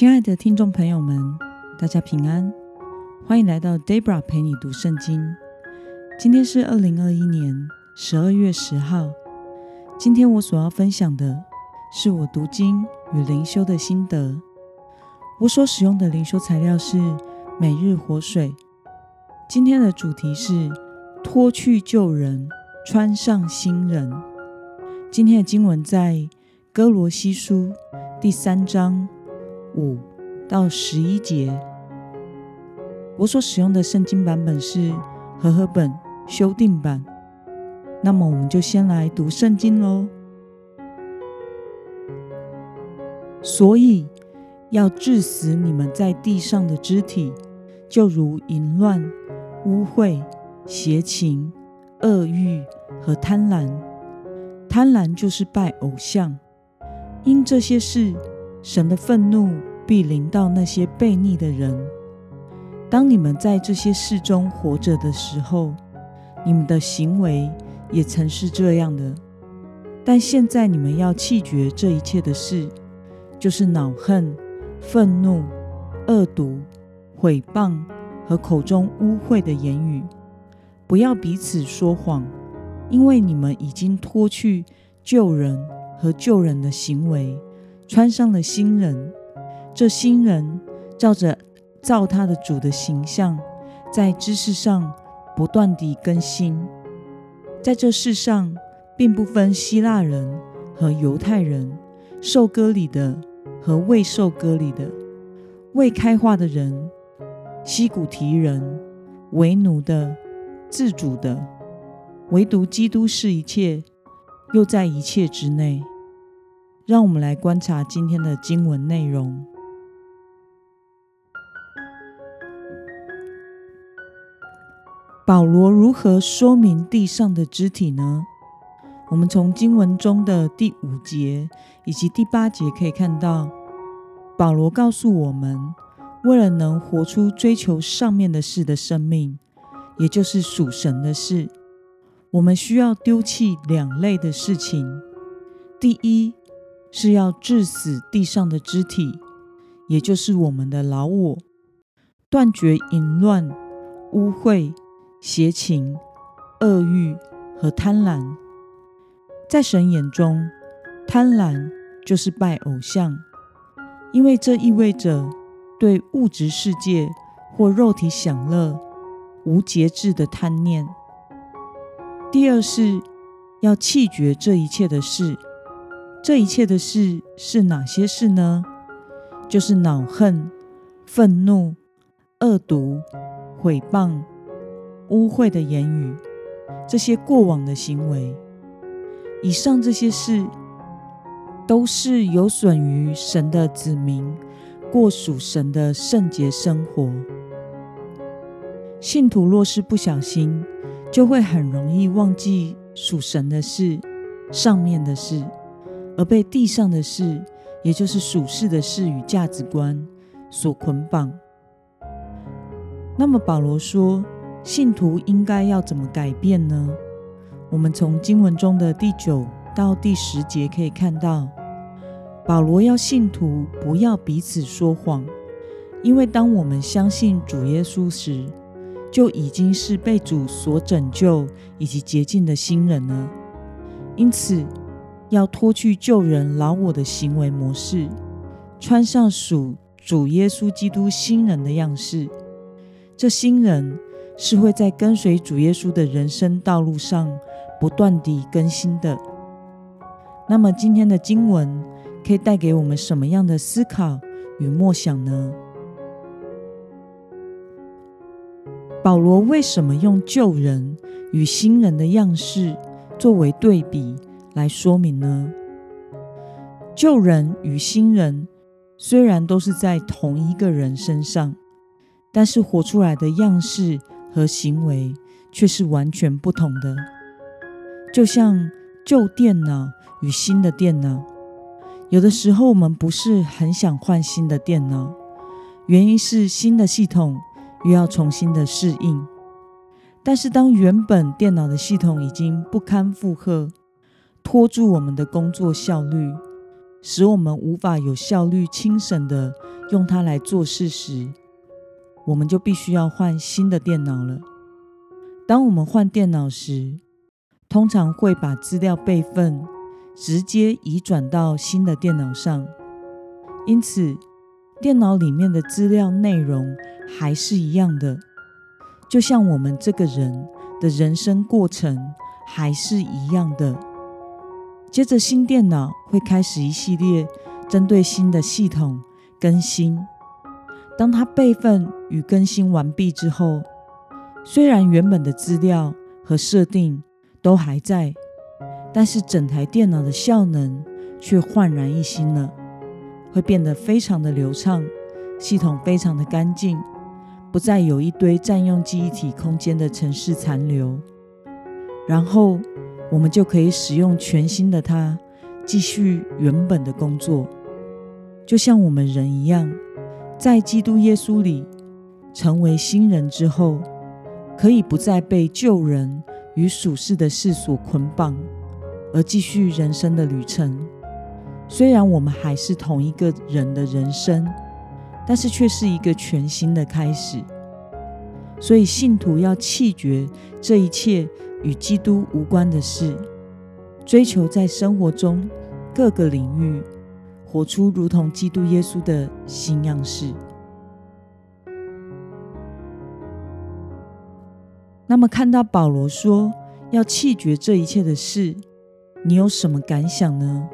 親愛的聽眾朋友們，大家平安，歡迎來到 Debra 陪你讀聖經。今天是二零二一年十二月十號。今天我所要分享的是我讀經與靈修的心得。我所使用的靈修材料是《每日活水》。今天的主題是脫去舊人，穿上新人。今天的經文在哥羅西書第三章。五到十一節，我所使用的聖經版本是和合本修訂版。那麼，我們就先來讀聖經囉。所以，要治死你們在地上的肢體，就如淫亂、污穢、邪情、惡慾和貪婪。貪婪就是拜偶像。因這些事。神的憤怒必臨到那些悖逆的人。當你們在這些事中活着的時候，你們的行為也曾是這樣的。但現在你們要棄絕這一切的事，就是惱恨、憤怒、惡毒、毀謗和口中污穢的言語。不要彼此說謊，因為你們已經脫去舊人和舊人的行為。穿上了新人，這新人照着造他的主的形象，在知識上不斷地更新。在這事上，並不分希臘人和猶太人，受割禮的和未受割禮的，未開化的人，西古提人，為奴的，自主的，唯獨基督是一切，又在一切之內。讓我們來觀察今天的經文內容。保羅如何說明地上的肢體呢？我們從經文中的第五節以及第八節可以看到，保羅告訴我們，為了能活出追求上面的事的生命，也就是屬神的事，我們需要丟棄兩類的事情。第一，是要治死地上的肢體，也就是我們的老我，斷絕淫亂、污穢、邪情、惡慾和貪婪。在神眼中，貪婪就是拜偶像，因為這意味着對物質世界或肉體享樂無節制的貪念。第二是要棄絕這一切的事。這一切的事是哪些事呢？就是惱恨、憤怒、惡毒、毀謗、污穢的言語，這些過往的行為。以上這些事都是有損於神的子民過屬神的聖潔生活。信徒若是不小心，就會很容易忘記屬神的事，上面的事。而被地上的事，也就是屬世的事與價值觀所捆綁。那麼，保羅說，信徒應該要怎麼改變呢？我們從經文中的第九到第十節可以看到，保羅要信徒不要彼此說謊，因為當我們相信主耶穌時，就已經是被主所拯救以及潔淨的新人了。因此，要脫去舊人老我的行為模式，穿上屬主耶穌基督新人的樣式。這新人是會在跟隨主耶穌的人生道路上不斷地更新的。那麼，今天的經文可以帶給我們什麼樣的思考與默想呢？保羅為什麼用舊人與新人的樣式作為對比？來說明呢？舊人與新人雖然都是在同一個人身上，但是活出來的樣式和行為卻是完全不同的。就像舊電腦與新的電腦，有的時候我們不是很想換新的電腦，原因是新的系統又要重新的適應。但是當原本電腦的系統已經不堪負荷，拖住我們的工作效率，使我們無法有效率、輕省地用它來做事時，我們就必須要換新的電腦了。當我們換電腦時，通常會把資料備份直接移轉到新的電腦上，因此電腦裡面的資料內容還是一樣的，就像我們這個人的人生過程還是一樣的。接着，新電腦會開始一系列針對新的系統更新。當它備份與更新完畢之後，雖然原本的資料和設定都還在，但是整台電腦的效能卻煥然一新了，會變得非常的流暢，系統非常的乾淨，不再有一堆占用記憶體空間的程式殘留。然後。我們就可以使用全新的他，繼續原本的工作，就像我們人一樣，在基督耶穌裡成為新人之後，可以不再被舊人與屬世的事所捆綁，而繼續人生的旅程。雖然我們還是同一個人的人生，但是卻是一個全新的開始。所以，信徒要棄絕這一切。與基督無關的事，追求在生活中各個領域活出如同基督耶穌的新樣式。那麼，看到保羅說要棄絕這一切的事，你有什麼感想呢？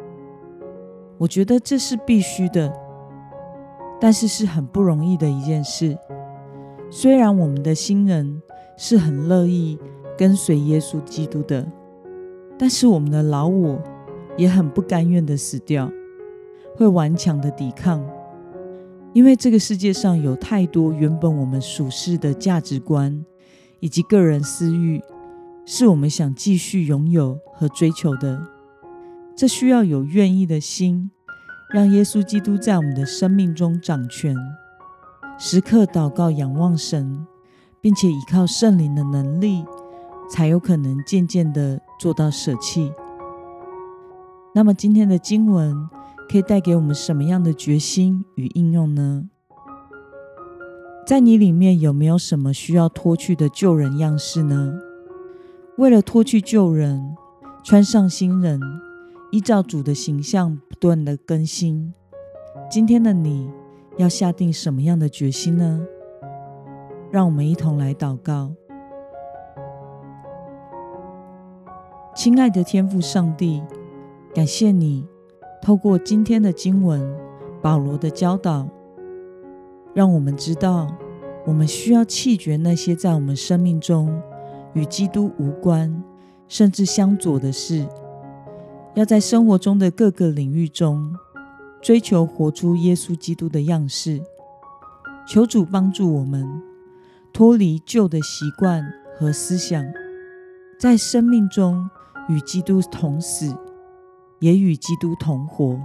我覺得這是必須的，但是是很不容易的一件事。雖然我們的新人是很樂意，跟隨耶穌基督的，但是我們的老我也很不甘願的死掉，會頑強的抵抗，因為這個世界上有太多原本我們屬世的價值觀以及個人私慾，是我們想繼續擁有和追求的。這需要有願意的心，讓耶穌基督在我們的生命中掌權，時刻禱告仰望神，並且依靠聖靈的能力。才有可能漸漸地做到捨棄。那麼今天的經文可以帶給我們什麼樣的決心與應用呢？在你裡面有沒有什麼需要脫去的舊人樣式呢？為了脫去舊人，穿上新人，依照主的形像不斷的更新。今天的你要下定什麼樣的決心呢？讓我們一同來禱告。親愛的天父上帝，感謝你透過今天的經文，保羅的教導，讓我們知道我們需要棄絕那些在我們生命中與基督無關甚至相左的事，要在生活中的各個領域中追求活出耶穌基督的樣式。求主幫助我們脫離舊的習慣和思想，在生命中。與基督同死，也與基督同活，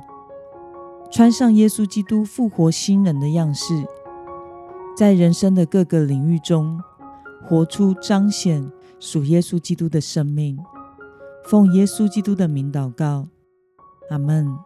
穿上耶穌基督復活新人的樣式，在人生的各個領域中，活出彰顯屬耶穌基督的生命，奉耶穌基督的名禱告，阿門。